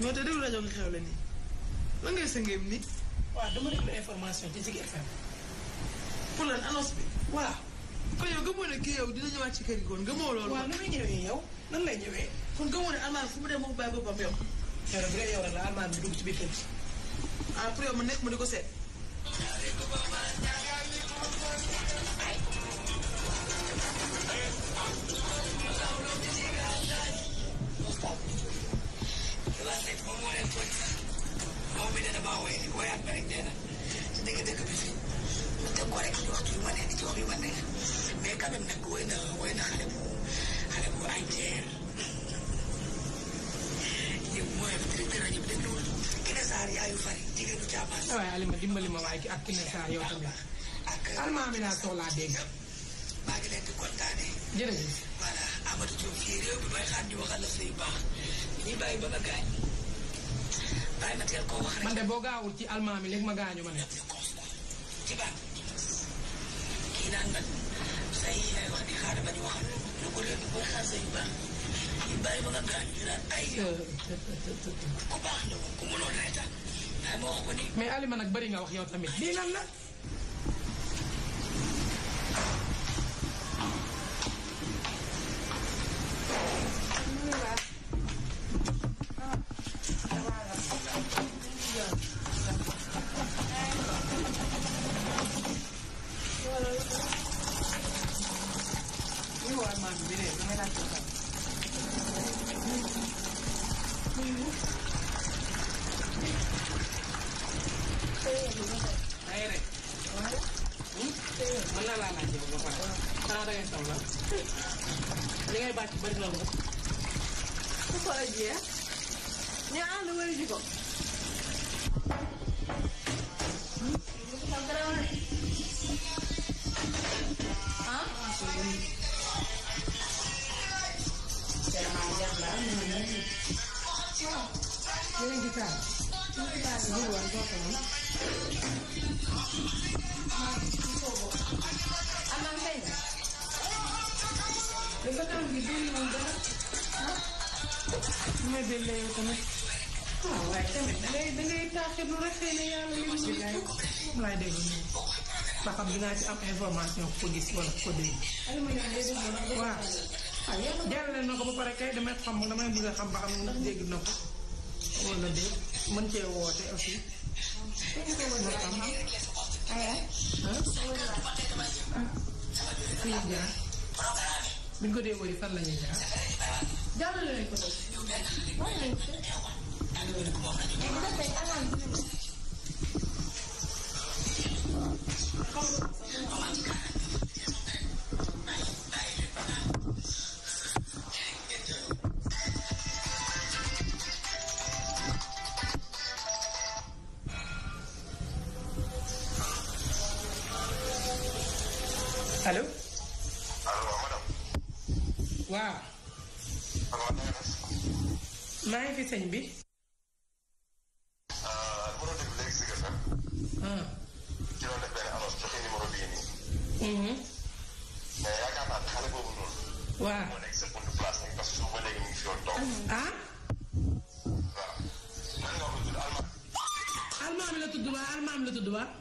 moo te déglu rajo nga xew la nii lan ngay sëngéem nii waaw dama déglu information ci Zik FM pour lan annonce bi waaw kon yow gëmoo ne kii yow dina ñëwaat ci kër gi kon gëmoo loolu waaw nu muy ñëwee yow nan lay ñëwee kon gëmoo ne almaan fu mu dem moom bàyyi boppam yow yow rek yow rek la almaan bi dugg ci biir kër gi ah pour yow ma nekk ma di ko seet waaye Alima dimbali ma waaye ak Kine Sarr yow tamit almaa mi laa soxlaa dégg maa ngi leen di kontaanee. jërëjëf voilà Amadou Diop fii réew bi may xaar ñu waxal la suy baax ñuy bàyyi ba ma gaañ. bàyyi ma teel koo wax rek. man de boo gaawul ci almaam yi léegi ma gaañu ma ne. ci baax kii naan man say yi lay wax di xaaral ma ñu waxal lu ko réew bi booy xaar say baax ñu bàyyi ba nga gaañ ñu naan ay. ku baax la ku mënoon reetaan. waaye ma wax ko nii. mais Alima nag bëri nga wax yow tamit lii lan la. mën naa laa laaj ba pare xanaa da ngay saw la li ngay bàcc bëri na ko. su ko la jiyee ah, ñu ànd wëri ji ko. waaw xam dinaa ci am information ko gis wala ko dégg. waaw. jàllale na ko ba pare kay damay xam damay bëgg a xam ba xam ndax dégg na ko wala déet mën cee woote aussi. ma xam fii jaar biñ ko dee wëri fan la ñuy jaar jàllale nañ ko allo. allo waaw madame. waaw. maa ngi fi sëñ bi. ah bu doon déglu léegi si gerte. Ah. ci doon def benn annonce joxe numéro bii nii. Mhm. mais yaakaar naa ne xale boobu noonu. waaw moo nekk sa buntu place nii parce que suba léegi mu ngi fi doon toog. ah. waaw. nan nga ko tudd almaami. almaami la tudd waa almaami la tudd waa.